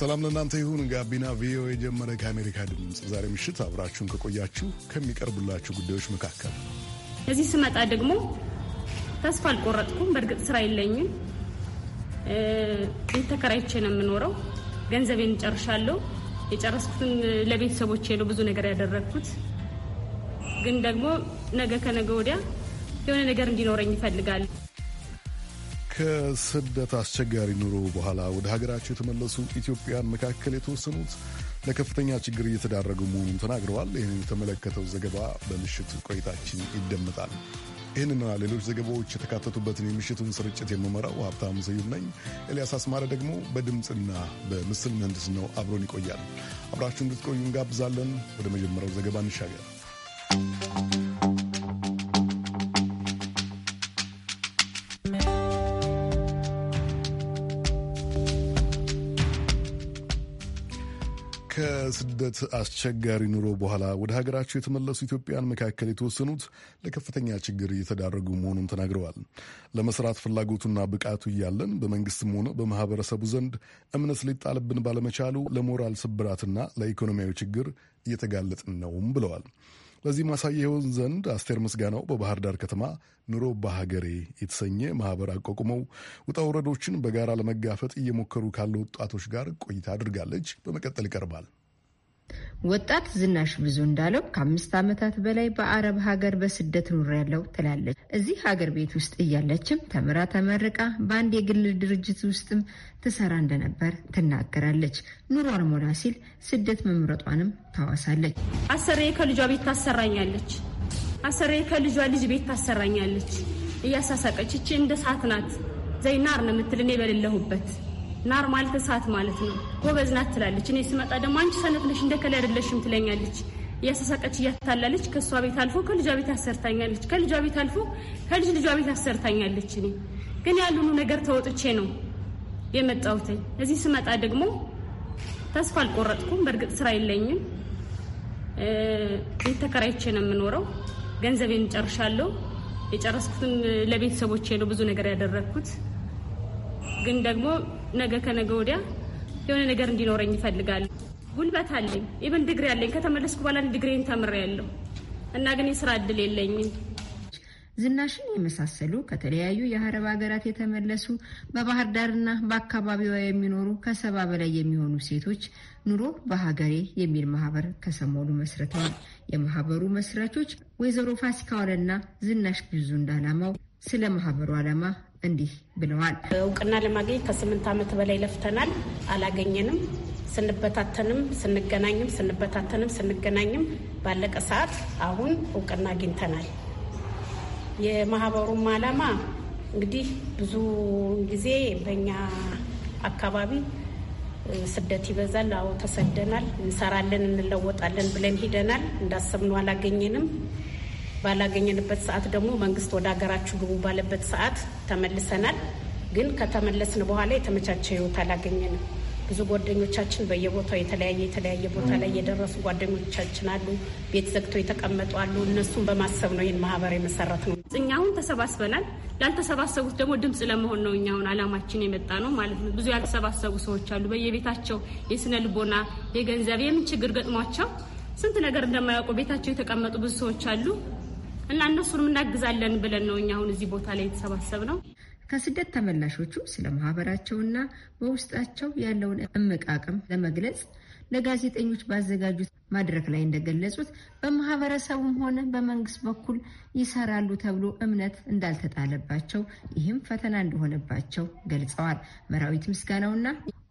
ሰላም ለእናንተ ይሁን። ጋቢና ቪኦኤ የጀመረ ከአሜሪካ ድምፅ ዛሬ ምሽት አብራችሁን ከቆያችሁ ከሚቀርቡላችሁ ጉዳዮች መካከል እዚህ ስመጣ ደግሞ ተስፋ አልቆረጥኩም። በእርግጥ ስራ የለኝም። ቤት ተከራይቼ ነው የምኖረው። ገንዘቤን ጨርሻለሁ። የጨረስኩትን ለቤተሰቦች ነው ብዙ ነገር ያደረግኩት። ግን ደግሞ ነገ ከነገ ወዲያ የሆነ ነገር እንዲኖረኝ ይፈልጋል። ከስደት አስቸጋሪ ኑሮ በኋላ ወደ ሀገራቸው የተመለሱ ኢትዮጵያን መካከል የተወሰኑት ለከፍተኛ ችግር እየተዳረጉ መሆኑን ተናግረዋል። ይህን የተመለከተው ዘገባ በምሽት ቆይታችን ይደመጣል። ይህንና ሌሎች ዘገባዎች የተካተቱበትን የምሽቱን ስርጭት የምመራው ሀብታሙ ስዩም ነኝ። ኤልያስ አስማረ ደግሞ በድምፅና በምስል ምህንድስ ነው አብሮን ይቆያል። አብራችሁ እንድትቆዩ እንጋብዛለን። ወደ መጀመሪያው ዘገባ እንሻገር። ከቆዩበት አስቸጋሪ ኑሮ በኋላ ወደ ሀገራቸው የተመለሱ ኢትዮጵያን መካከል የተወሰኑት ለከፍተኛ ችግር እየተዳረጉ መሆኑን ተናግረዋል። ለመስራት ፍላጎቱና ብቃቱ እያለን በመንግስትም ሆነ በማህበረሰቡ ዘንድ እምነት ሊጣልብን ባለመቻሉ ለሞራል ስብራትና ለኢኮኖሚያዊ ችግር እየተጋለጥን ነውም ብለዋል። ለዚህ ማሳያ ይሆን ዘንድ አስቴር ምስጋናው በባህር ዳር ከተማ ኑሮ በሀገሬ የተሰኘ ማህበር አቋቁመው ውጣ ውረዶችን በጋራ ለመጋፈጥ እየሞከሩ ካሉ ወጣቶች ጋር ቆይታ አድርጋለች። በመቀጠል ይቀርባል። ወጣት ዝናሽ ብዙ እንዳለው ከአምስት ዓመታት በላይ በአረብ ሀገር በስደት ኑር ያለው ትላለች። እዚህ ሀገር ቤት ውስጥ እያለችም ተምራ ተመርቃ በአንድ የግል ድርጅት ውስጥም ትሰራ እንደነበር ትናገራለች። ኑሯን ሞላ ሲል ስደት መምረጧንም ታዋሳለች። አሰሬ ከልጇ ቤት ታሰራኛለች። አሰሬ ከልጇ ልጅ ቤት ታሰራኛለች እያሳሳቀች እቺ እንደ ሰዓት ናት ዘይናር ነው የምትል እኔ በሌለሁበት ናርማል ተሳት ማለት ነው። ጎበዝ ናት ትላለች። እኔ ስመጣ ደግሞ አንቺ ሰነፍ ነሽ እንደከላ አይደለሽም ትለኛለች። እያሳሳቀች እያታላለች ከእሷ ቤት አልፎ ከልጇ ቤት አሰርታኛለች። ከልጇ ቤት አልፎ ከልጅ ልጇ ቤት አሰርታኛለች። እኔ ግን ያሉኑ ነገር ተወጥቼ ነው የመጣሁት። እዚህ ስመጣ ደግሞ ተስፋ አልቆረጥኩም። በእርግጥ ስራ የለኝም። ቤት ተከራይቼ ነው የምኖረው። ገንዘቤን ጨርሻለሁ። የጨረስኩትን ለቤተሰቦቼ ነው ብዙ ነገር ያደረግኩት ግን ደግሞ ነገ ከነገ ወዲያ የሆነ ነገር እንዲኖረኝ ይፈልጋሉ። ጉልበት አለኝ፣ ኢቨን ድግሪ አለኝ። ከተመለስኩ በኋላ ዲግሪን ተምሬያለሁ እና ግን የስራ እድል የለኝም። ዝናሽን የመሳሰሉ ከተለያዩ የአረብ ሀገራት የተመለሱ በባህር ዳርና በአካባቢዋ የሚኖሩ ከሰባ በላይ የሚሆኑ ሴቶች ኑሮ በሀገሬ የሚል ማህበር ከሰሞኑ መስርተዋል። የማህበሩ መስራቾች ወይዘሮ ፋሲካ ዋለና ዝናሽ ብዙ እንዳላማው ስለ ማህበሩ አላማ እንዲህ ብለዋል። እውቅና ለማግኘት ከስምንት ዓመት በላይ ለፍተናል፣ አላገኘንም። ስንበታተንም ስንገናኝም ስንበታተንም ስንገናኝም ባለቀ ሰዓት አሁን እውቅና አግኝተናል። የማህበሩም ዓላማ እንግዲህ ብዙ ጊዜ በኛ አካባቢ ስደት ይበዛል። አዎ ተሰደናል፣ እንሰራለን፣ እንለወጣለን ብለን ሂደናል። እንዳሰብነው አላገኘንም። ባላገኘንበት ሰዓት ደግሞ መንግስት ወደ ሀገራችሁ ግቡ ባለበት ሰዓት ተመልሰናል። ግን ከተመለስን በኋላ የተመቻቸ ህይወት አላገኘንም። ብዙ ጓደኞቻችን በየቦታው የተለያየ የተለያየ ቦታ ላይ የደረሱ ጓደኞቻችን አሉ። ቤት ዘግተው የተቀመጡ አሉ። እነሱን በማሰብ ነው ይህን ማህበር የመሰረት ነው። እኛ አሁን ተሰባስበናል። ላልተሰባሰቡት ደግሞ ድምፅ ለመሆን ነው እኛ አሁን አላማችን የመጣ ነው ማለት ነው። ብዙ ያልተሰባሰቡ ሰዎች አሉ። በየቤታቸው የስነ ልቦና፣ የገንዘብ፣ የምን ችግር ገጥሟቸው ስንት ነገር እንደማያውቁ ቤታቸው የተቀመጡ ብዙ ሰዎች አሉ። እና እነሱንም እናግዛለን ብለን ነው እኛ አሁን እዚህ ቦታ ላይ የተሰባሰብ ነው። ከስደት ተመላሾቹ ስለ ማህበራቸውና በውስጣቸው ያለውን እምቅ አቅም ለመግለጽ ለጋዜጠኞች ባዘጋጁት መድረክ ላይ እንደገለጹት በማህበረሰቡም ሆነ በመንግስት በኩል ይሰራሉ ተብሎ እምነት እንዳልተጣለባቸው፣ ይህም ፈተና እንደሆነባቸው ገልጸዋል። መራዊት ምስጋናውና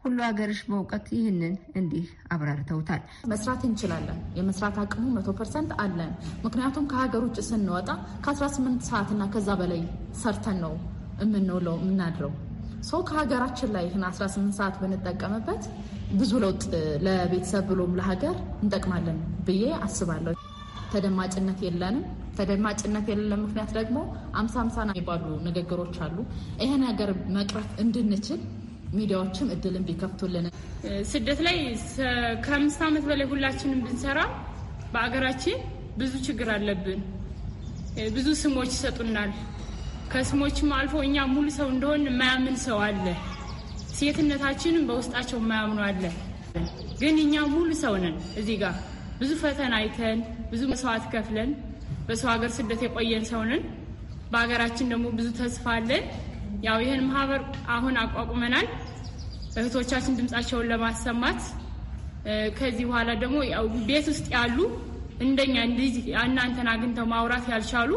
ሁሉ ሀገርሽ በእውቀት ይህንን እንዲህ አብራርተውታል። መስራት እንችላለን። የመስራት አቅሙ መቶ ፐርሰንት አለን። ምክንያቱም ከሀገር ውጭ ስንወጣ ከ18 ሰዓትና ከዛ በላይ ሰርተን ነው የምንውለው የምናድረው። ሰው ከሀገራችን ላይ ይህን 18 ሰዓት ብንጠቀምበት ብዙ ለውጥ ለቤተሰብ ብሎም ለሀገር እንጠቅማለን ብዬ አስባለሁ። ተደማጭነት የለንም። ተደማጭነት የሌለን ምክንያት ደግሞ አምሳ አምሳ የሚባሉ ንግግሮች አሉ። ይሄ ሀገር መቅረፍ እንድንችል ሚዲያዎችም እድልን ቢከፍቱልን። ስደት ላይ ከአምስት ዓመት በላይ ሁላችንም ብንሰራ በአገራችን ብዙ ችግር አለብን። ብዙ ስሞች ይሰጡናል። ከስሞችም አልፎ እኛ ሙሉ ሰው እንደሆን የማያምን ሰው አለ። ሴትነታችንም በውስጣቸው የማያምኑ አለ። ግን እኛ ሙሉ ሰው ነን። እዚህ ጋር ብዙ ፈተና አይተን ብዙ መስዋዕት ከፍለን በሰው ሀገር ስደት የቆየን ሰው ነን። በሀገራችን ደግሞ ብዙ ተስፋ አለን። ያው ይህን ማህበር አሁን አቋቁመናል። እህቶቻችን ድምጻቸውን ለማሰማት ከዚህ በኋላ ደግሞ ያው ቤት ውስጥ ያሉ እንደኛ ልጅ እናንተን አግኝተው ማውራት ያልቻሉ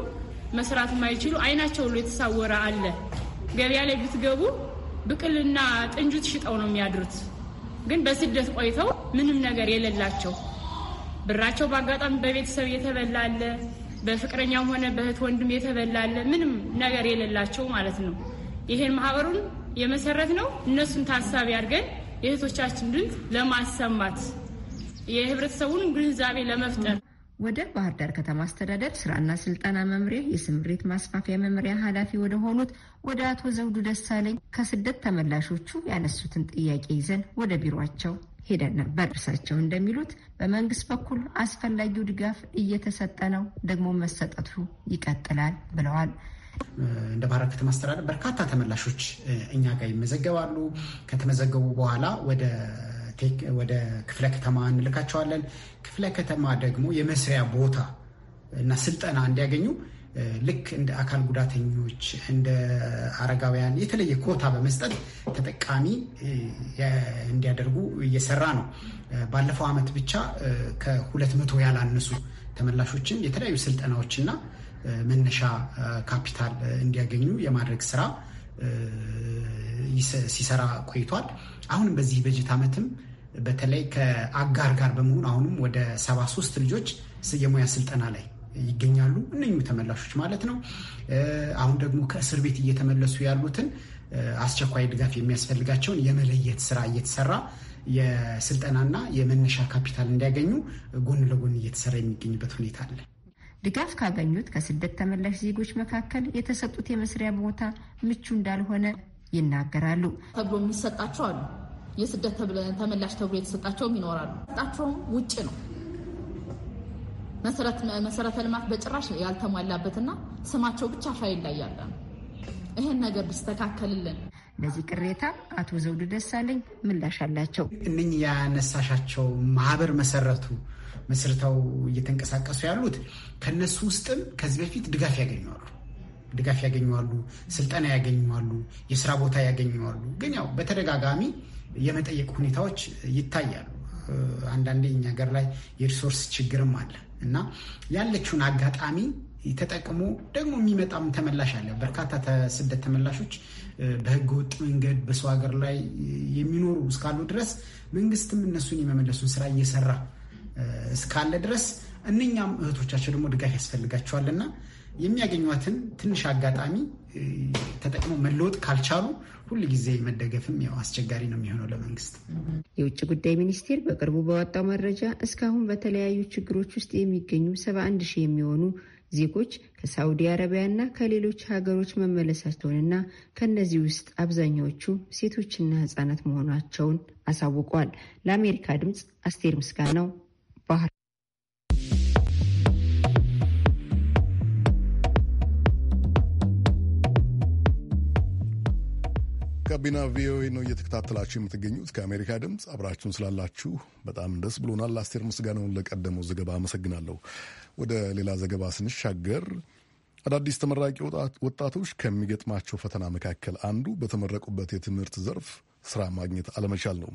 መስራት የማይችሉ አይናቸው ሁሉ የተሳወረ አለ። ገበያ ላይ ብትገቡ ብቅልና ጥንጁት ሽጠው ነው የሚያድሩት። ግን በስደት ቆይተው ምንም ነገር የሌላቸው ብራቸው በአጋጣሚ በቤተሰብ የተበላለ፣ በፍቅረኛም ሆነ በእህት ወንድም የተበላለ ምንም ነገር የሌላቸው ማለት ነው። ይሄን ማህበሩን የመሰረት ነው። እነሱን ታሳቢ አድርገን የእህቶቻችን ድምፅ ለማሰማት የህብረተሰቡን ግንዛቤ ለመፍጠር ወደ ባህር ዳር ከተማ አስተዳደር ስራና ስልጠና መምሪያ የስምሪት ማስፋፊያ መምሪያ ኃላፊ ወደ ሆኑት ወደ አቶ ዘውዱ ደሳለኝ ከስደት ተመላሾቹ ያነሱትን ጥያቄ ይዘን ወደ ቢሯቸው ሄደን ነበር። እርሳቸው እንደሚሉት በመንግስት በኩል አስፈላጊው ድጋፍ እየተሰጠ ነው፣ ደግሞ መሰጠቱ ይቀጥላል ብለዋል። እንደ ባህር ከተማ አስተዳደር በርካታ ተመላሾች እኛ ጋር ይመዘገባሉ። ከተመዘገቡ በኋላ ወደ ወደ ክፍለ ከተማ እንልካቸዋለን። ክፍለ ከተማ ደግሞ የመስሪያ ቦታ እና ስልጠና እንዲያገኙ ልክ እንደ አካል ጉዳተኞች፣ እንደ አረጋውያን የተለየ ኮታ በመስጠት ተጠቃሚ እንዲያደርጉ እየሰራ ነው። ባለፈው ዓመት ብቻ ከሁለት መቶ ያላነሱ ተመላሾችን የተለያዩ ስልጠናዎችና መነሻ ካፒታል እንዲያገኙ የማድረግ ስራ ሲሰራ ቆይቷል። አሁንም በዚህ በጀት ዓመትም በተለይ ከአጋር ጋር በመሆን አሁንም ወደ 73 ልጆች የሙያ ስልጠና ላይ ይገኛሉ። እነኙ ተመላሾች ማለት ነው። አሁን ደግሞ ከእስር ቤት እየተመለሱ ያሉትን አስቸኳይ ድጋፍ የሚያስፈልጋቸውን የመለየት ስራ እየተሰራ የስልጠናና የመነሻ ካፒታል እንዲያገኙ ጎን ለጎን እየተሰራ የሚገኝበት ሁኔታ አለ። ድጋፍ ካገኙት ከስደት ተመላሽ ዜጎች መካከል የተሰጡት የመስሪያ ቦታ ምቹ እንዳልሆነ ይናገራሉ። ተብሎ የሚሰጣቸው አሉ። የስደት ተመላሽ ተብሎ የተሰጣቸውም ይኖራሉ። ሰጣቸውም ውጭ ነው። መሰረተ ልማት በጭራሽ ያልተሟላበትና ስማቸው ብቻ ፋይል ላይ ያለ ነው። ይህን ነገር ቢስተካከልልን። ለዚህ ቅሬታ አቶ ዘውዱ ደሳለኝ ምላሽ አላቸው። እነኝህ ያነሳሻቸው ማህበር መሰረቱ መስርተው እየተንቀሳቀሱ ያሉት ከነሱ ውስጥም ከዚህ በፊት ድጋፍ ያገኘዋሉ ድጋፍ ያገኘዋሉ፣ ስልጠና ያገኘዋሉ፣ የስራ ቦታ ያገኘዋሉ። ግን ያው በተደጋጋሚ የመጠየቅ ሁኔታዎች ይታያሉ። አንዳንዴ እኛ ሀገር ላይ የሪሶርስ ችግርም አለ እና ያለችውን አጋጣሚ ተጠቅሞ ደግሞ የሚመጣም ተመላሽ አለ። በርካታ ስደት ተመላሾች በህገ ወጥ መንገድ በሰው ሀገር ላይ የሚኖሩ እስካሉ ድረስ መንግስትም እነሱን የመመለሱን ስራ እየሰራ እስካለ ድረስ እነኛም እህቶቻቸው ደግሞ ድጋፍ ያስፈልጋቸዋልና የሚያገኟትን ትንሽ አጋጣሚ ተጠቅመው መለወጥ ካልቻሉ ጊዜ መደገፍም ያው አስቸጋሪ ነው የሚሆነው ለመንግስት። የውጭ ጉዳይ ሚኒስቴር በቅርቡ በወጣው መረጃ እስካሁን በተለያዩ ችግሮች ውስጥ የሚገኙ 71 ሺህ የሚሆኑ ዜጎች ከሳዑዲ ና ከሌሎች ሀገሮች መመለሳቸውንና ከእነዚህ ውስጥ አብዛኛዎቹ ሴቶችና ህጻናት መሆናቸውን አሳውቋል። ለአሜሪካ ድምፅ አስቴር ምስጋናው ባህር ጋቢና ቪኦኤ ነው እየተከታተላችሁ የምትገኙት። ከአሜሪካ ድምፅ አብራችሁን ስላላችሁ በጣም ደስ ብሎናል። አስቴር ምስጋናውን ለቀደመው ዘገባ አመሰግናለሁ። ወደ ሌላ ዘገባ ስንሻገር አዳዲስ ተመራቂ ወጣቶች ከሚገጥማቸው ፈተና መካከል አንዱ በተመረቁበት የትምህርት ዘርፍ ስራ ማግኘት አለመቻል ነው።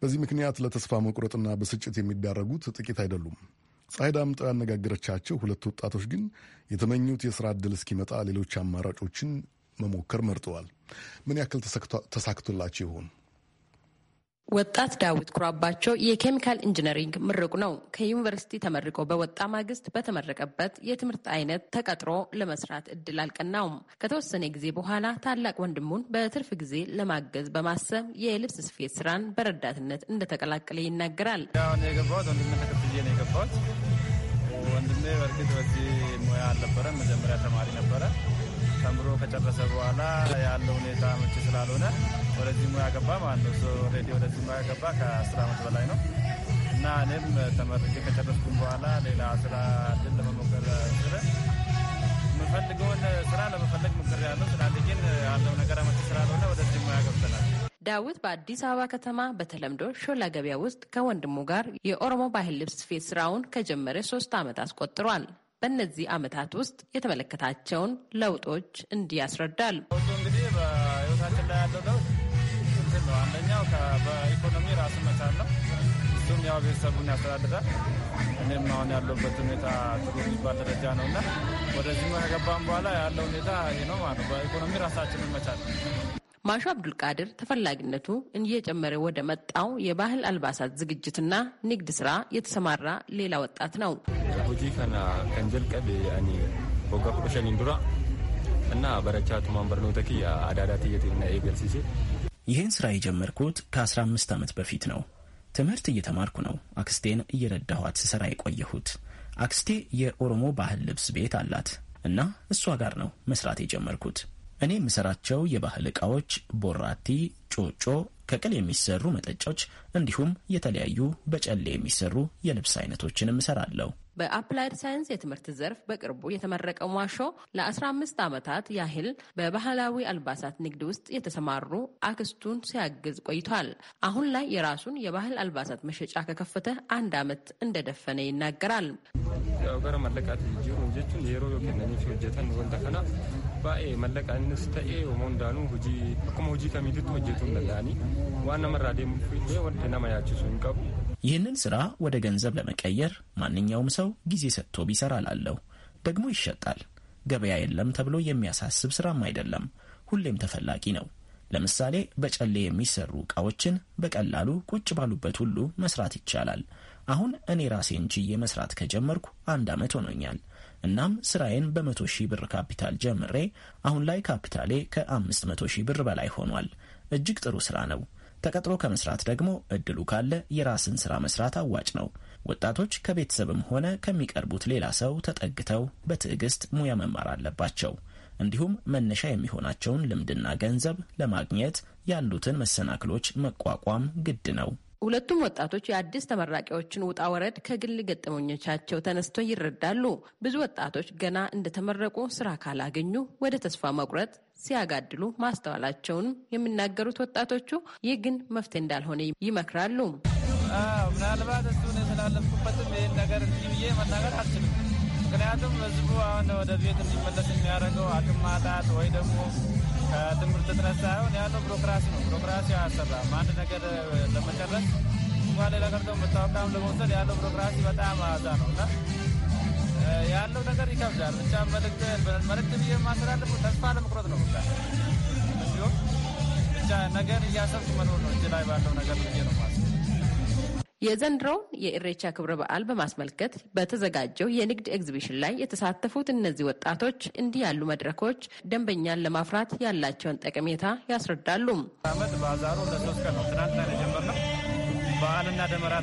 በዚህ ምክንያት ለተስፋ መቁረጥና ብስጭት የሚዳረጉት ጥቂት አይደሉም። ፀሐይ ዳምጠው ያነጋገረቻቸው ሁለት ወጣቶች ግን የተመኙት የስራ ዕድል እስኪመጣ ሌሎች አማራጮችን መሞከር መርጠዋል። ምን ያክል ተሳክቶላቸው ይሆን? ወጣት ዳዊት ኩራባቸው የኬሚካል ኢንጂነሪንግ ምርቁ ነው። ከዩኒቨርሲቲ ተመርቆ በወጣ ማግስት በተመረቀበት የትምህርት አይነት ተቀጥሮ ለመስራት እድል አልቀናውም። ከተወሰነ ጊዜ በኋላ ታላቅ ወንድሙን በትርፍ ጊዜ ለማገዝ በማሰብ የልብስ ስፌት ስራን በረዳትነት እንደተቀላቀለ ይናገራል። ሁን ወንድሜ በእርግጥ በዚህ ሙያ አልነበረም፣ መጀመሪያ ተማሪ ነበረ ተምሮ ከጨረሰ በኋላ ያለ ሁኔታ ምች ስላልሆነ ወደዚህ ሙያ ገባ ማለት ነው። ኦልሬዲ ወደዚህ ሙያ ገባ ከአስር አመት በላይ ነው እና እኔም ተመርቄ ከጨረስኩም በኋላ ሌላ ስራ ድል ለመሞከር ስረ የምፈልገውን ስራ ለመፈለግ ምክር ያለው ስላልግን ያለው ነገር አመች ስላልሆነ ወደዚህ ሙያ ገብተናል። ዳዊት በአዲስ አበባ ከተማ በተለምዶ ሾላ ገበያ ውስጥ ከወንድሙ ጋር የኦሮሞ ባህል ልብስ ስፌት ስራውን ከጀመረ ሶስት ዓመት አስቆጥሯል። በእነዚህ ዓመታት ውስጥ የተመለከታቸውን ለውጦች እንዲህ ያስረዳል። እንግዲህ በህይወታችን ላይ ያለው ለውጥ ነው። አንደኛው በኢኮኖሚ ራሱ መቻል ነው። እሱም ያው ቤተሰቡን ያስተዳድራል። እኔም አሁን ያለበት ሁኔታ ጥሩ የሚባል ደረጃ ነው እና ወደዚህ ከገባም በኋላ ያለው ሁኔታ ይህ ነው ማለት ነው። በኢኮኖሚ ራሳችንን መቻል ማሹ አብዱልቃድር ተፈላጊነቱ እየጨመረ ወደ መጣው የባህል አልባሳት ዝግጅትና ንግድ ስራ የተሰማራ ሌላ ወጣት ነው። እና በረቻቱ ተኪ አዳዳት የትና ኤገልሲሴ ይህን ስራ የጀመርኩት ከ15 ዓመት በፊት ነው። ትምህርት እየተማርኩ ነው አክስቴን እየረዳኋት ስሰራ የቆየሁት። አክስቴ የኦሮሞ ባህል ልብስ ቤት አላት እና እሷ ጋር ነው መስራት የጀመርኩት። እኔ የምሰራቸው የባህል ዕቃዎች ቦራቲ፣ ጮጮ፣ ከቅል የሚሰሩ መጠጫዎች እንዲሁም የተለያዩ በጨሌ የሚሰሩ የልብስ አይነቶችን እሰራለሁ። በአፕላይድ ሳይንስ የትምህርት ዘርፍ በቅርቡ የተመረቀው ማሾ ለ15 ዓመታት ያህል በባህላዊ አልባሳት ንግድ ውስጥ የተሰማሩ አክስቱን ሲያግዝ ቆይቷል። አሁን ላይ የራሱን የባህል አልባሳት መሸጫ ከከፈተ አንድ ዓመት እንደደፈነ ይናገራል። baay'ee mallaqa innis ta'ee Oromoon daanuu hojii akkuma hojii kamiititti hojjetuu hin danda'ani waan namarraa deemuuf illee wanti nama yaachisu hin qabu. ይህንን ስራ ወደ ገንዘብ ለመቀየር ማንኛውም ሰው ጊዜ ሰጥቶ ቢሰራ ላለው ደግሞ ይሸጣል። ገበያ የለም ተብሎ የሚያሳስብ ስራም አይደለም። ሁሌም ተፈላጊ ነው። ለምሳሌ በጨሌ የሚሰሩ እቃዎችን በቀላሉ ቁጭ ባሉበት ሁሉ መስራት ይቻላል። አሁን እኔ ራሴን ችዬ መስራት ከጀመርኩ አንድ ዓመት ሆኖኛል። እናም ስራዬን በመቶ ሺህ ብር ካፒታል ጀምሬ አሁን ላይ ካፒታሌ ከአምስት መቶ ሺህ ብር በላይ ሆኗል። እጅግ ጥሩ ስራ ነው። ተቀጥሮ ከመስራት ደግሞ እድሉ ካለ የራስን ስራ መስራት አዋጭ ነው። ወጣቶች ከቤተሰብም ሆነ ከሚቀርቡት ሌላ ሰው ተጠግተው በትዕግስት ሙያ መማር አለባቸው። እንዲሁም መነሻ የሚሆናቸውን ልምድና ገንዘብ ለማግኘት ያሉትን መሰናክሎች መቋቋም ግድ ነው ሁለቱም ወጣቶች የአዲስ ተመራቂዎችን ውጣ ወረድ ከግል ገጠመኞቻቸው ተነስቶ ይረዳሉ። ብዙ ወጣቶች ገና እንደተመረቁ ስራ ካላገኙ ወደ ተስፋ መቁረጥ ሲያጋድሉ ማስተዋላቸውን የሚናገሩት ወጣቶቹ ይህ ግን መፍትሄ እንዳልሆነ ይመክራሉ። ምናልባት እሱን የተላለፍኩበትም ይህን ነገር እንዲህ ብዬ መናገር አልችልም ምክንያቱም ህዝቡ አሁን ወደ ቤት እንዲመለስ የሚያደርገው አቅም ማጣት ወይ ደግሞ ከትምህርት እጥረት ሳይሆን ያለው ቢሮክራሲ ነው። ቢሮክራሲ አያሰራም። አንድ ነገር ለመጨረስ እንኳን ሌላ ቀርቶ መታወቂያም ለመውሰድ ያለው ቢሮክራሲ በጣም አዛ ነው እና ያለው ነገር ይከብዳል። ብቻ መልእክት መልእክት ብዬ ማስተላለፉ ተስፋ ለመቁረጥ ነው ብቻ ነገር እያሰብኩ መኖር ነው እንጂ ላይ ባለው ነገር ብዬ ነው ማለት የዘንድሮውን የኢሬቻ ክብረ በዓል በማስመልከት በተዘጋጀው የንግድ ኤግዚቢሽን ላይ የተሳተፉት እነዚህ ወጣቶች እንዲህ ያሉ መድረኮች ደንበኛን ለማፍራት ያላቸውን ጠቀሜታ ያስረዳሉ። አመት ባዛሩ ለሶስት ቀን ነው። ትናንት ትናንትና የጀመርነው በዓልና ደመራ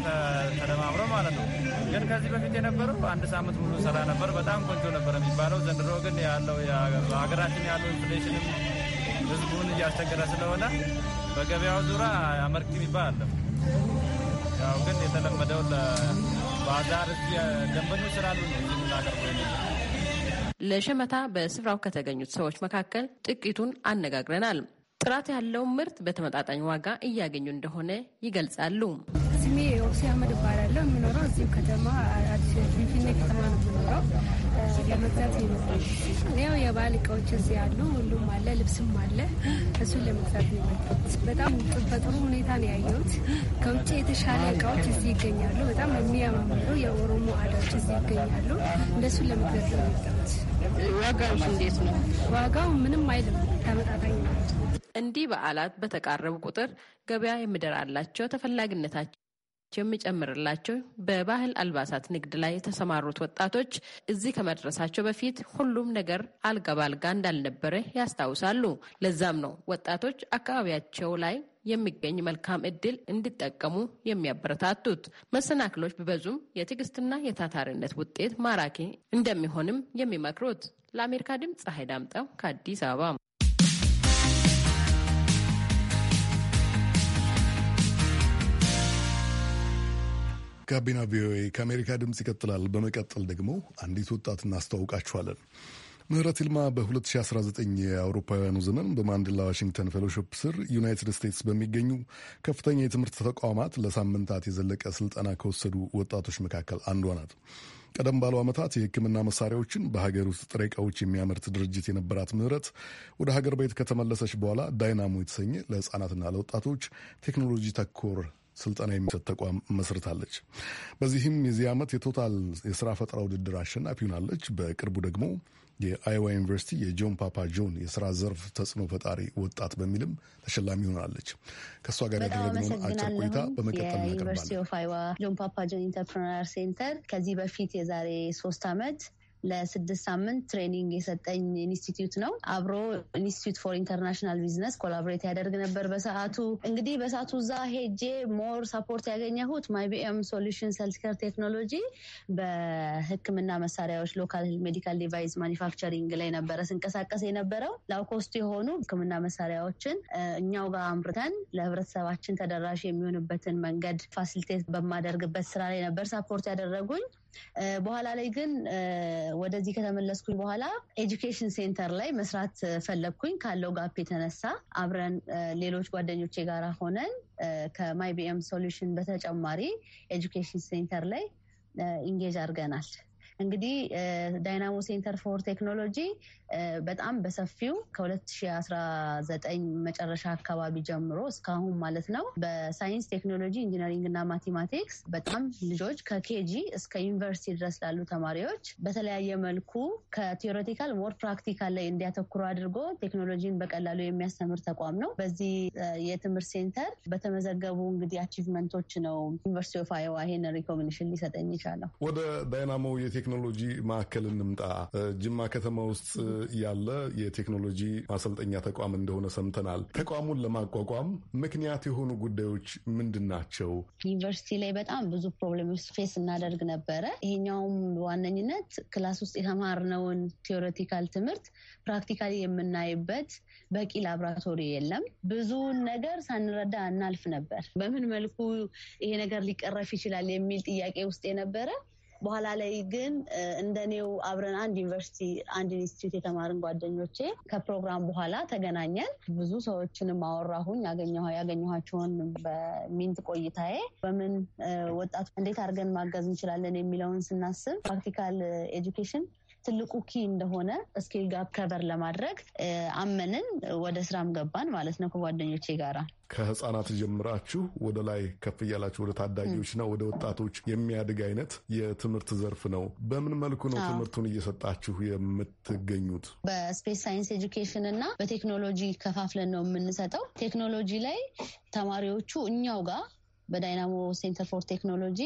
ተደማምሮ ማለት ነው። ግን ከዚህ በፊት የነበረው አንድ ሳምንት ሙሉ ሰራ ነበር። በጣም ቆንጆ ነበር የሚባለው። ዘንድሮ ግን ያለው ሀገራችን ያለው ኢንፍሌሽንም ህዝቡን እያስቸገረ ስለሆነ በገበያው ዙሪያ አመርቂ የሚባል አለ ያው ግን የተለመደው ባዛር ደንበኞች ስላሉ ነው የምናቀርበው ለሸመታ በስፍራው ከተገኙት ሰዎች መካከል ጥቂቱን አነጋግረናል። ጥራት ያለው ምርት በተመጣጣኝ ዋጋ እያገኙ እንደሆነ ይገልጻሉ። ስሜ ኦክሲ አህመድ እባላለሁ። የምኖረው እዚሁ ከተማ ፊንፊኔ ከተማ ነው የምኖረው። ለመግዛት ይመጣል። ያው የባህል እቃዎች እዚህ አሉ፣ ሁሉም አለ፣ ልብስም አለ። እሱን ለመግዛት ነው የመጣሁት። በጣም በጥሩ ሁኔታ ነው ያየሁት። ከውጭ የተሻለ እቃዎች እዚህ ይገኛሉ። በጣም የሚያማምሩ የኦሮሞ አዳዎች እዚህ ይገኛሉ። እንደሱን ለመግዛት ነው የመጣሁት። ዋጋው እንዴት ነው? ዋጋው ምንም አይልም፣ ተመጣጣኝ ነው። እንዲህ በዓላት በተቃረቡ ቁጥር ገበያ የምደራላቸው ተፈላጊነታቸው የሚጨምርላቸው በባህል አልባሳት ንግድ ላይ የተሰማሩት ወጣቶች እዚህ ከመድረሳቸው በፊት ሁሉም ነገር አልጋ ባልጋ እንዳልነበረ ያስታውሳሉ። ለዛም ነው ወጣቶች አካባቢያቸው ላይ የሚገኝ መልካም እድል እንዲጠቀሙ የሚያበረታቱት። መሰናክሎች ቢበዙም የትዕግስትና የታታሪነት ውጤት ማራኪ እንደሚሆንም የሚመክሩት። ለአሜሪካ ድምፅ ፀሐይ ዳምጠው ከአዲስ አበባ ጋቢና ቪኦኤ ከአሜሪካ ድምፅ ይቀጥላል። በመቀጠል ደግሞ አንዲት ወጣት እናስተዋውቃችኋለን። ምህረት ይልማ በ2019 የአውሮፓውያኑ ዘመን በማንዴላ ዋሽንግተን ፌሎሺፕ ስር ዩናይትድ ስቴትስ በሚገኙ ከፍተኛ የትምህርት ተቋማት ለሳምንታት የዘለቀ ስልጠና ከወሰዱ ወጣቶች መካከል አንዷ ናት። ቀደም ባሉ ዓመታት የሕክምና መሳሪያዎችን በሀገር ውስጥ ጥሬ ዕቃዎች የሚያመርት ድርጅት የነበራት ምህረት ወደ ሀገር ቤት ከተመለሰች በኋላ ዳይናሞ የተሰኘ ለሕፃናትና ለወጣቶች ቴክኖሎጂ ተኮር ስልጠና የሚሰጥ ተቋም መስርታለች። በዚህም የዚህ ዓመት የቶታል የስራ ፈጠራ ውድድር አሸናፊ ሆናለች። በቅርቡ ደግሞ የአይዋ ዩኒቨርሲቲ የጆን ፓፓ ጆን የስራ ዘርፍ ተጽዕኖ ፈጣሪ ወጣት በሚልም ተሸላሚ ሆናለች። ከእሷ ጋር ያደረግነውን አጭር ቆይታ በመቀጠል እናቀርባለን። ጆን ፓፓ ጆን ኢንተርፕረነር ሴንተር ከዚህ በፊት የዛሬ ሶስት ዓመት ለስድስት ሳምንት ትሬኒንግ የሰጠኝ ኢንስቲትዩት ነው። አብሮ ኢንስቲትዩት ፎር ኢንተርናሽናል ቢዝነስ ኮላቦሬት ያደርግ ነበር። በሰዓቱ እንግዲህ በሰዓቱ እዛ ሄጄ ሞር ሰፖርት ያገኘሁት ማይቢኤም ሶሉሽን ሰልስከር ቴክኖሎጂ በሕክምና መሳሪያዎች ሎካል ሜዲካል ዲቫይስ ማኒፋክቸሪንግ ላይ ነበረ ስንቀሳቀስ የነበረው። ላውኮስት የሆኑ ሕክምና መሳሪያዎችን እኛው ጋር አምርተን ለህብረተሰባችን ተደራሽ የሚሆንበትን መንገድ ፋሲሊቴት በማደርግበት ስራ ላይ ነበር ሰፖርት ያደረጉኝ። በኋላ ላይ ግን ወደዚህ ከተመለስኩኝ በኋላ ኤጁኬሽን ሴንተር ላይ መስራት ፈለግኩኝ። ካለው ጋፕ የተነሳ አብረን ሌሎች ጓደኞቼ ጋር ሆነን ከማይቢኤም ሶሉሽን በተጨማሪ ኤጁኬሽን ሴንተር ላይ ኢንጌጅ አድርገናል። እንግዲህ ዳይናሞ ሴንተር ፎር ቴክኖሎጂ በጣም በሰፊው ከ2019 መጨረሻ አካባቢ ጀምሮ እስካሁን ማለት ነው በሳይንስ ቴክኖሎጂ፣ ኢንጂነሪንግ እና ማቴማቲክስ በጣም ልጆች ከኬጂ እስከ ዩኒቨርሲቲ ድረስ ላሉ ተማሪዎች በተለያየ መልኩ ከቴዎሬቲካል ሞር ፕራክቲካል ላይ እንዲያተኩሩ አድርጎ ቴክኖሎጂን በቀላሉ የሚያስተምር ተቋም ነው። በዚህ የትምህርት ሴንተር በተመዘገቡ እንግዲህ አቺቭመንቶች ነው ዩኒቨርሲቲ ኦፍ አዮዋ ይሄን ሪኮግኒሽን ሊሰጠኝ ይቻለው ወደ ዳይናሞ ቴክኖሎጂ ማዕከል እንምጣ። ጅማ ከተማ ውስጥ ያለ የቴክኖሎጂ ማሰልጠኛ ተቋም እንደሆነ ሰምተናል። ተቋሙን ለማቋቋም ምክንያት የሆኑ ጉዳዮች ምንድን ናቸው? ዩኒቨርሲቲ ላይ በጣም ብዙ ፕሮብሌሞች ፌስ እናደርግ ነበረ። ይሄኛውም በዋነኝነት ክላስ ውስጥ የተማርነውን ቴዎሬቲካል ትምህርት ፕራክቲካሊ የምናይበት በቂ ላብራቶሪ የለም። ብዙውን ነገር ሳንረዳ እናልፍ ነበር። በምን መልኩ ይሄ ነገር ሊቀረፍ ይችላል የሚል ጥያቄ ውስጥ የነበረ በኋላ ላይ ግን እንደኔው አብረን አንድ ዩኒቨርሲቲ አንድ ኢንስቲትዩት የተማርን ጓደኞቼ ከፕሮግራም በኋላ ተገናኘን። ብዙ ሰዎችንም አወራሁኝ ያገኘኋቸውን በሚንት ቆይታዬ በምን ወጣቱ እንዴት አድርገን ማገዝ እንችላለን የሚለውን ስናስብ ፕራክቲካል ኤጁኬሽን ትልቁ ኪ እንደሆነ ስኪል ጋፕ ከበር ለማድረግ አመንን። ወደ ስራም ገባን ማለት ነው ከጓደኞቼ ጋራ ከህፃናት ጀምራችሁ ወደ ላይ ከፍ እያላችሁ ወደ ታዳጊዎችና ወደ ወጣቶች የሚያድግ አይነት የትምህርት ዘርፍ ነው። በምን መልኩ ነው ትምህርቱን እየሰጣችሁ የምትገኙት? በስፔስ ሳይንስ ኤጁኬሽን እና በቴክኖሎጂ ከፋፍለን ነው የምንሰጠው። ቴክኖሎጂ ላይ ተማሪዎቹ እኛው ጋር በዳይናሞ ሴንተር ፎር ቴክኖሎጂ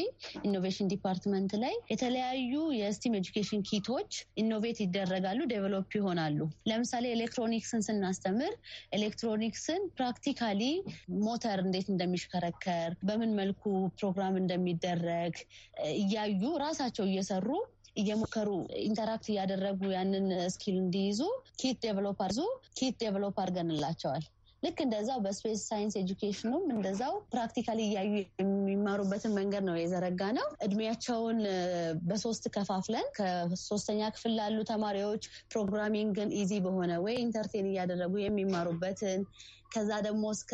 ኢኖቬሽን ዲፓርትመንት ላይ የተለያዩ የስቲም ኤጁኬሽን ኪቶች ኢኖቬት ይደረጋሉ፣ ዴቨሎፕ ይሆናሉ። ለምሳሌ ኤሌክትሮኒክስን ስናስተምር ኤሌክትሮኒክስን ፕራክቲካሊ ሞተር እንዴት እንደሚሽከረከር በምን መልኩ ፕሮግራም እንደሚደረግ እያዩ ራሳቸው እየሰሩ እየሞከሩ ኢንተራክት እያደረጉ ያንን ስኪል እንዲይዙ ኪት ዴቨሎፐር ኪት ዴቨሎፐር አድርገንላቸዋል። ልክ እንደዛው በስፔስ ሳይንስ ኤጁኬሽኑም እንደዛው ፕራክቲካሊ እያዩ የሚማሩበትን መንገድ ነው የዘረጋ ነው። እድሜያቸውን በሶስት ከፋፍለን ከሶስተኛ ክፍል ላሉ ተማሪዎች ፕሮግራሚንግን ኢዚ በሆነ ወይ ኢንተርቴን እያደረጉ የሚማሩበትን ከዛ ደግሞ እስከ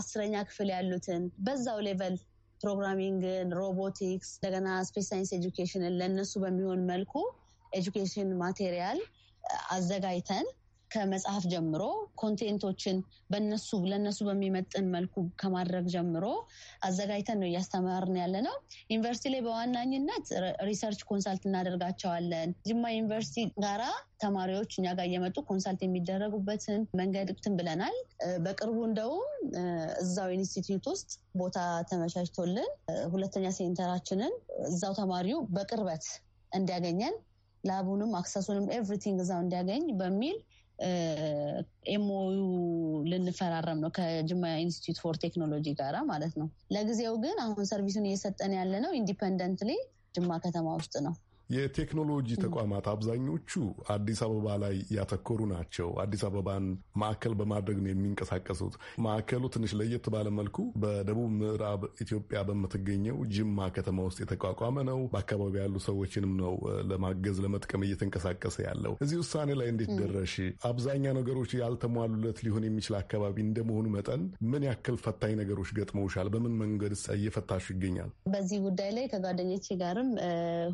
አስረኛ ክፍል ያሉትን በዛው ሌቨል ፕሮግራሚንግን፣ ሮቦቲክስ፣ እንደገና ስፔስ ሳይንስ ኤጁኬሽንን ለእነሱ በሚሆን መልኩ ኤጁኬሽን ማቴሪያል አዘጋጅተን ከመጽሐፍ ጀምሮ ኮንቴንቶችን በነሱ ለነሱ በሚመጥን መልኩ ከማድረግ ጀምሮ አዘጋጅተን ነው እያስተማርን ያለ ነው። ዩኒቨርሲቲ ላይ በዋናኝነት ሪሰርች ኮንሳልት እናደርጋቸዋለን። ጅማ ዩኒቨርሲቲ ጋራ ተማሪዎች እኛ ጋር እየመጡ ኮንሳልት የሚደረጉበትን መንገድ እንትን ብለናል። በቅርቡ እንደውም እዛው ኢንስቲትዩት ውስጥ ቦታ ተመቻችቶልን ሁለተኛ ሴንተራችንን እዛው ተማሪው በቅርበት እንዲያገኘን ላቡንም አክሰሱንም ኤቭሪቲንግ እዛው እንዲያገኝ በሚል ኤምኦዩ ልንፈራረም ነው ከጅማ ኢንስቲትዩት ፎር ቴክኖሎጂ ጋራ ማለት ነው። ለጊዜው ግን አሁን ሰርቪሱን እየሰጠን ያለ ነው ኢንዲፐንደንትሊ ጅማ ከተማ ውስጥ ነው። የቴክኖሎጂ ተቋማት አብዛኞቹ አዲስ አበባ ላይ ያተኮሩ ናቸው። አዲስ አበባን ማዕከል በማድረግ ነው የሚንቀሳቀሱት። ማዕከሉ ትንሽ ለየት ባለ መልኩ በደቡብ ምዕራብ ኢትዮጵያ በምትገኘው ጅማ ከተማ ውስጥ የተቋቋመ ነው። በአካባቢ ያሉ ሰዎችንም ነው ለማገዝ ለመጥቀም እየተንቀሳቀሰ ያለው። እዚህ ውሳኔ ላይ እንዴት ደረሽ? አብዛኛ ነገሮች ያልተሟሉለት ሊሆን የሚችል አካባቢ እንደመሆኑ መጠን ምን ያክል ፈታኝ ነገሮች ገጥመውሻል? በምን መንገድ እየፈታሹ ይገኛል? በዚህ ጉዳይ ላይ ከጓደኞቼ ጋርም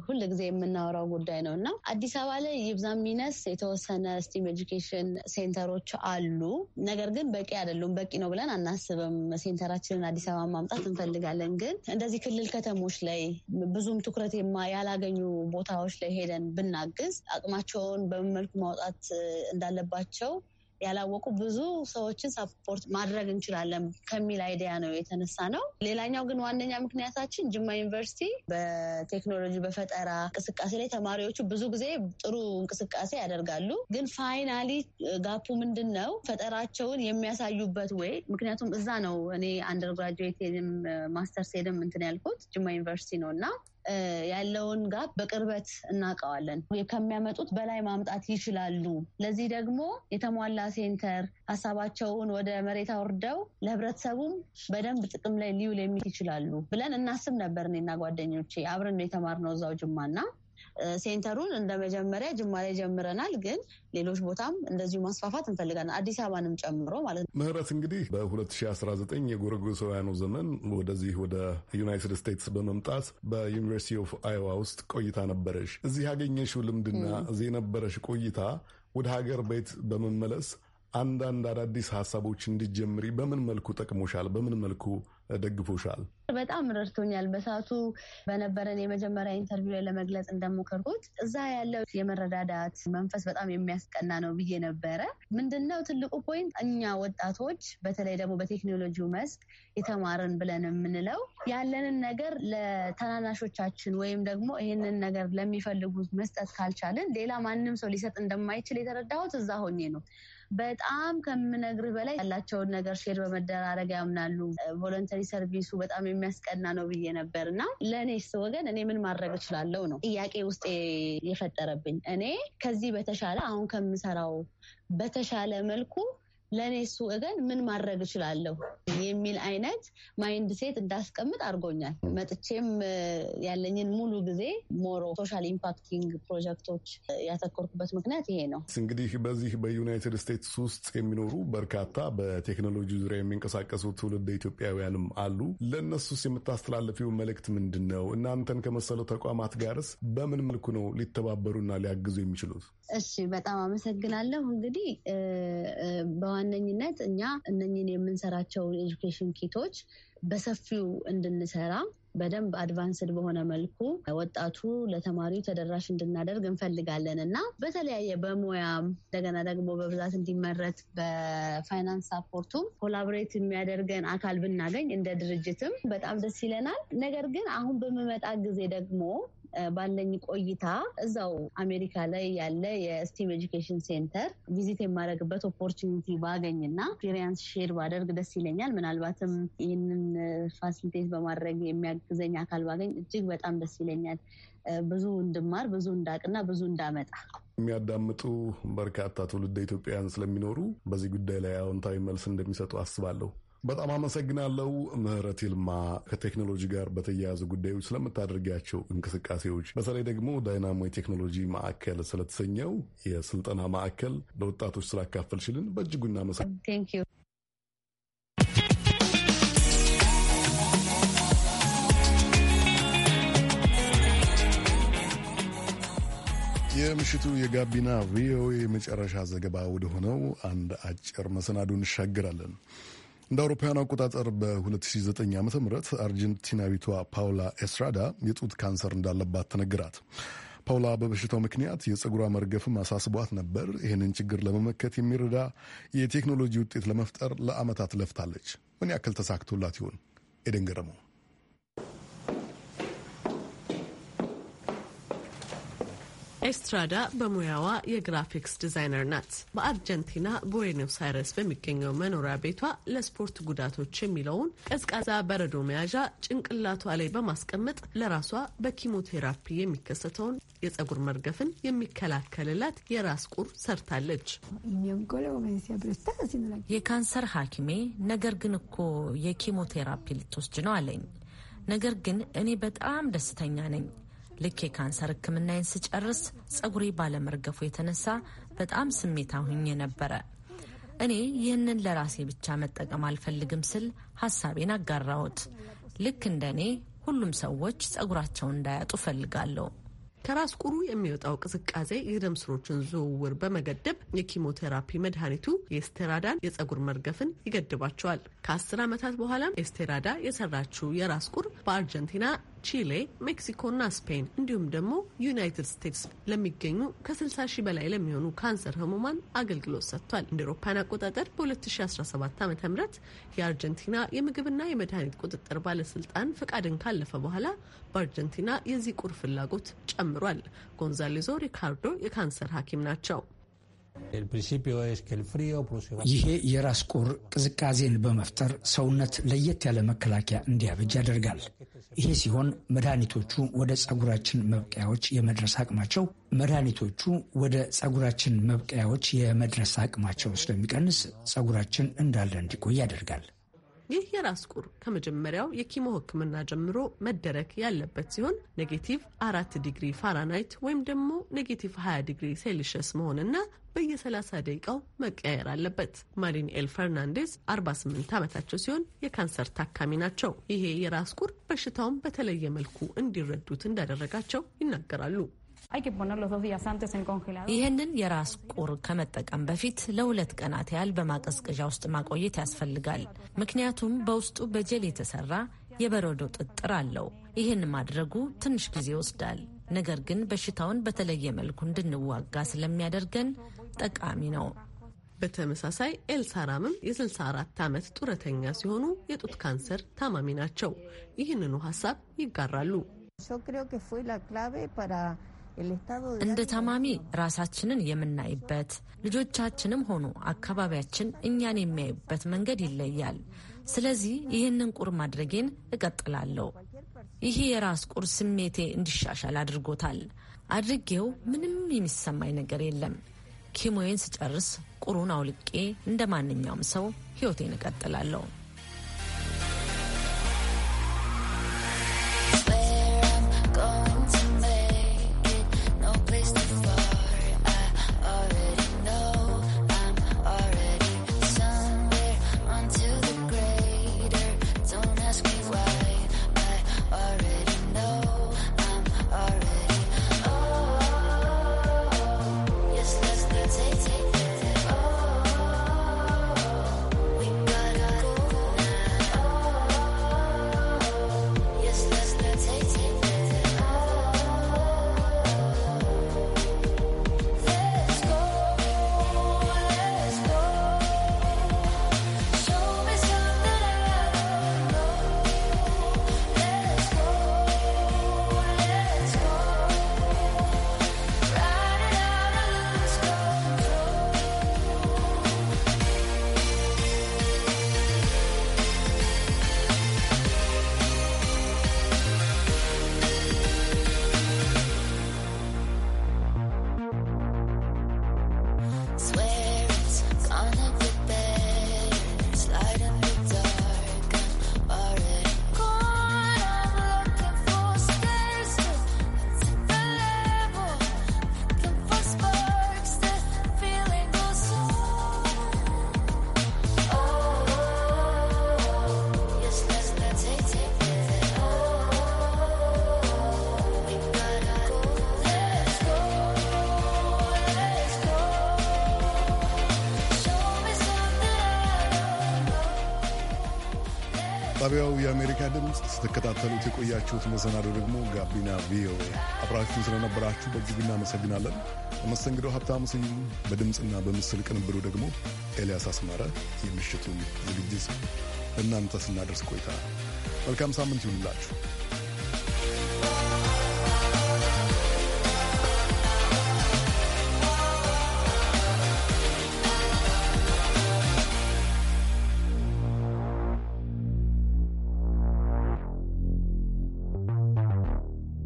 ሁልጊዜ የምናወራው ጉዳይ ነው እና አዲስ አበባ ላይ ይብዛም ይነስ የተወሰነ ስቲም ኤጁኬሽን ሴንተሮች አሉ። ነገር ግን በቂ አይደሉም። በቂ ነው ብለን አናስብም። ሴንተራችንን አዲስ አበባ ማምጣት እንፈልጋለን። ግን እንደዚህ ክልል ከተሞች ላይ ብዙም ትኩረት ያላገኙ ቦታዎች ላይ ሄደን ብናግዝ አቅማቸውን በምን መልኩ ማውጣት እንዳለባቸው ያላወቁ ብዙ ሰዎችን ሰፖርት ማድረግ እንችላለን ከሚል አይዲያ ነው የተነሳ ነው። ሌላኛው ግን ዋነኛ ምክንያታችን ጅማ ዩኒቨርሲቲ በቴክኖሎጂ በፈጠራ እንቅስቃሴ ላይ ተማሪዎቹ ብዙ ጊዜ ጥሩ እንቅስቃሴ ያደርጋሉ። ግን ፋይናሊ ጋፑ ምንድን ነው? ፈጠራቸውን የሚያሳዩበት ወይ ምክንያቱም እዛ ነው እኔ አንደር ሄድም ማስተርስ ሄድም እንትን ያልኩት ጅማ ዩኒቨርሲቲ ነው እና ያለውን ጋፕ በቅርበት እናውቀዋለን። ከሚያመጡት በላይ ማምጣት ይችላሉ። ለዚህ ደግሞ የተሟላ ሴንተር ሀሳባቸውን ወደ መሬት አውርደው ለህብረተሰቡም በደንብ ጥቅም ላይ ሊውል የሚችል ይችላሉ ብለን እናስብ ነበር። እኔና ጓደኞቼ አብረን የተማርነው እዛው ጅማ ጅማና ሴንተሩን እንደ መጀመሪያ ጅማ ላይ ጀምረናል፣ ግን ሌሎች ቦታም እንደዚሁ ማስፋፋት እንፈልጋለን፣ አዲስ አበባንም ጨምሮ ማለት ነው። ምህረት እንግዲህ በ2019 የጎረጎሰውያኑ ዘመን ወደዚህ ወደ ዩናይትድ ስቴትስ በመምጣት በዩኒቨርሲቲ ኦፍ አይዋ ውስጥ ቆይታ ነበረሽ። እዚህ ያገኘሽው ልምድና እዚህ የነበረሽ ቆይታ ወደ ሀገር ቤት በመመለስ አንዳንድ አዳዲስ ሀሳቦች እንዲጀምሪ በምን መልኩ ጠቅሞሻል? በምን መልኩ ደግፎሻል? በጣም ረድቶኛል። በሰዓቱ በነበረን የመጀመሪያ ኢንተርቪው ላይ ለመግለጽ እንደሞከርኩት እዛ ያለው የመረዳዳት መንፈስ በጣም የሚያስቀና ነው ብዬ ነበረ። ምንድነው ትልቁ ፖይንት እኛ ወጣቶች በተለይ ደግሞ በቴክኖሎጂው መስክ የተማርን ብለን የምንለው ያለንን ነገር ለተናናሾቻችን ወይም ደግሞ ይህንን ነገር ለሚፈልጉት መስጠት ካልቻልን ሌላ ማንም ሰው ሊሰጥ እንደማይችል የተረዳሁት እዛ ሆኜ ነው። በጣም ከምነግርህ በላይ ያላቸውን ነገር ሼር በመደራረግ ያምናሉ። ቮለንተሪ ሰርቪሱ በጣም የሚያስቀና ነው ብዬ ነበር እና ለእኔስ ወገን እኔ ምን ማድረግ እችላለሁ ነው ጥያቄ ውስጥ የፈጠረብኝ። እኔ ከዚህ በተሻለ አሁን ከምሰራው በተሻለ መልኩ ለእኔ እሱ እገን ምን ማድረግ እችላለሁ የሚል አይነት ማይንድ ሴት እንዳስቀምጥ አድርጎኛል። መጥቼም ያለኝን ሙሉ ጊዜ ሞሮ ሶሻል ኢምፓክቲንግ ፕሮጀክቶች ያተኮርኩበት ምክንያት ይሄ ነው። እንግዲህ በዚህ በዩናይትድ ስቴትስ ውስጥ የሚኖሩ በርካታ በቴክኖሎጂ ዙሪያ የሚንቀሳቀሱ ትውልድ ኢትዮጵያውያንም አሉ። ለእነሱስ የምታስተላለፊው መልእክት ምንድን ነው? እናንተን ከመሰሉ ተቋማት ጋርስ በምን መልኩ ነው ሊተባበሩና ሊያግዙ የሚችሉት? እሺ በጣም አመሰግናለሁ። እንግዲህ በዋነኝነት እኛ እነኝን የምንሰራቸው የኤዱኬሽን ኪቶች በሰፊው እንድንሰራ በደንብ አድቫንስድ በሆነ መልኩ ወጣቱ ለተማሪው ተደራሽ እንድናደርግ እንፈልጋለን እና በተለያየ በሙያም እንደገና ደግሞ በብዛት እንዲመረት በፋይናንስ ሳፖርቱም ኮላቦሬት የሚያደርገን አካል ብናገኝ እንደ ድርጅትም በጣም ደስ ይለናል። ነገር ግን አሁን በምመጣ ጊዜ ደግሞ ባለኝ ቆይታ እዛው አሜሪካ ላይ ያለ የስቲም ኤጁኬሽን ሴንተር ቪዚት የማደርግበት ኦፖርቹኒቲ ባገኝና ኤክስፔሪያንስ ሼር ባደርግ ደስ ይለኛል። ምናልባትም ይህንን ፋሲሊቴት በማድረግ የሚያግዘኝ አካል ባገኝ እጅግ በጣም ደስ ይለኛል። ብዙ እንድማር፣ ብዙ እንዳቅና ብዙ እንዳመጣ የሚያዳምጡ በርካታ ትውልደ ኢትዮጵያውያን ስለሚኖሩ በዚህ ጉዳይ ላይ አዎንታዊ መልስ እንደሚሰጡ አስባለሁ። በጣም አመሰግናለሁ ምህረት ይልማ። ከቴክኖሎጂ ጋር በተያያዙ ጉዳዮች ስለምታደርጋቸው እንቅስቃሴዎች፣ በተለይ ደግሞ ዳይናሞ የቴክኖሎጂ ማዕከል ስለተሰኘው የስልጠና ማዕከል ለወጣቶች ስላካፈልሽልን በእጅጉ እናመሰግናለን። የምሽቱ የጋቢና ቪኦኤ መጨረሻ ዘገባ ወደሆነው አንድ አጭር መሰናዶ እንሻገራለን። እንደ አውሮፓውያኑ አቆጣጠር በ2009 ዓ ም አርጀንቲናዊቷ ፓውላ ኤስራዳ የጡት ካንሰር እንዳለባት ተነግራት። ፓውላ በበሽታው ምክንያት የጸጉሯ መርገፍም አሳስቧት ነበር። ይህንን ችግር ለመመከት የሚረዳ የቴክኖሎጂ ውጤት ለመፍጠር ለአመታት ለፍታለች። ምን ያክል ተሳክቶላት ይሆን? ኤደን ገረመው ኤስትራዳ በሙያዋ የግራፊክስ ዲዛይነር ናት። በአርጀንቲና ቦዌኖስ አይረስ በሚገኘው መኖሪያ ቤቷ ለስፖርት ጉዳቶች የሚለውን ቀዝቃዛ በረዶ መያዣ ጭንቅላቷ ላይ በማስቀመጥ ለራሷ በኪሞቴራፒ የሚከሰተውን የጸጉር መርገፍን የሚከላከልላት የራስ ቁር ሰርታለች። የካንሰር ሐኪሜ ነገር ግን እኮ የኪሞቴራፒ ልትወስድ ነው አለኝ። ነገር ግን እኔ በጣም ደስተኛ ነኝ ልክ የካንሰር ሕክምናዬን ስጨርስ ጸጉሬ ባለመርገፉ የተነሳ በጣም ስሜታ ሁኜ ነበረ። እኔ ይህንን ለራሴ ብቻ መጠቀም አልፈልግም ስል ሀሳቤን አጋራሁት። ልክ እንደ እኔ ሁሉም ሰዎች ጸጉራቸውን እንዳያጡ ፈልጋለሁ። ከራስ ቁሩ የሚወጣው ቅዝቃዜ የደም ስሮችን ዝውውር በመገደብ የኪሞቴራፒ መድኃኒቱ የስቴራዳን የጸጉር መርገፍን ይገድባቸዋል። ከአስር ዓመታት በኋላም ኤስቴራዳ የሰራችው የራስ ቁር በአርጀንቲና ቺሌ፣ ሜክሲኮና ስፔን እንዲሁም ደግሞ ዩናይትድ ስቴትስ ለሚገኙ ከ60 ሺህ በላይ ለሚሆኑ ካንሰር ህሙማን አገልግሎት ሰጥቷል። እንደ አውሮፓውያን አቆጣጠር በ2017 ዓ ም የአርጀንቲና የምግብና የመድኃኒት ቁጥጥር ባለስልጣን ፈቃድን ካለፈ በኋላ በአርጀንቲና የዚህ ቁር ፍላጎት ጨምሯል። ጎንዛሌዞ ሪካርዶ የካንሰር ሐኪም ናቸው። ይሄ የራስ ቁር ቅዝቃዜን በመፍጠር ሰውነት ለየት ያለ መከላከያ እንዲያበጅ ያደርጋል። ይሄ ሲሆን መድኃኒቶቹ ወደ ጸጉራችን መብቀያዎች የመድረስ አቅማቸው መድኃኒቶቹ ወደ ጸጉራችን መብቀያዎች የመድረስ አቅማቸው ስለሚቀንስ ጸጉራችን እንዳለ እንዲቆይ ያደርጋል። ይህ የራስ ቁር ከመጀመሪያው የኪሞ ሕክምና ጀምሮ መደረግ ያለበት ሲሆን ኔጌቲቭ አራት ዲግሪ ፋራናይት ወይም ደግሞ ኔጌቲቭ 20 ዲግሪ ሴልሽስ መሆንና በየ30 ደቂቃው መቀያየር አለበት። ማሪን ኤል ፈርናንዴዝ 48 ዓመታቸው ሲሆን የካንሰር ታካሚ ናቸው። ይሄ የራስ ቁር በሽታውን በተለየ መልኩ እንዲረዱት እንዳደረጋቸው ይናገራሉ። ይህንን የራስ ቁር ከመጠቀም በፊት ለሁለት ቀናት ያህል በማቀዝቀዣ ውስጥ ማቆየት ያስፈልጋል። ምክንያቱም በውስጡ በጀል የተሰራ የበረዶ ጥጥር አለው። ይህን ማድረጉ ትንሽ ጊዜ ይወስዳል፣ ነገር ግን በሽታውን በተለየ መልኩ እንድንዋጋ ስለሚያደርገን ጠቃሚ ነው። በተመሳሳይ ኤልሳራምም የ64 ዓመት ጡረተኛ ሲሆኑ የጡት ካንሰር ታማሚ ናቸው። ይህንኑ ሀሳብ ይጋራሉ። እንደ ታማሚ ራሳችንን የምናይበት ልጆቻችንም ሆኑ አካባቢያችን እኛን የሚያዩበት መንገድ ይለያል። ስለዚህ ይህንን ቁር ማድረጌን እቀጥላለሁ። ይሄ የራስ ቁር ስሜቴ እንዲሻሻል አድርጎታል። አድርጌው ምንም የሚሰማኝ ነገር የለም። ኪሞዬን ስጨርስ ቁሩን አውልቄ እንደ ማንኛውም ሰው ሕይወቴን እቀጥላለሁ። የአሜሪካ ድምፅ ስትከታተሉት የቆያችሁት መሰናዶ ደግሞ ጋቢና ቪኦኤ። አብራችሁን ስለነበራችሁ በእጅጉ እናመሰግናለን። በመስተንግዶ ሀብታሙ ስዩ፣ በድምፅና በምስል ቅንብሩ ደግሞ ኤልያስ አስማረ። የምሽቱን ዝግጅት እናንተ ስናደርስ ቆይታ መልካም ሳምንት ይሁንላችሁ።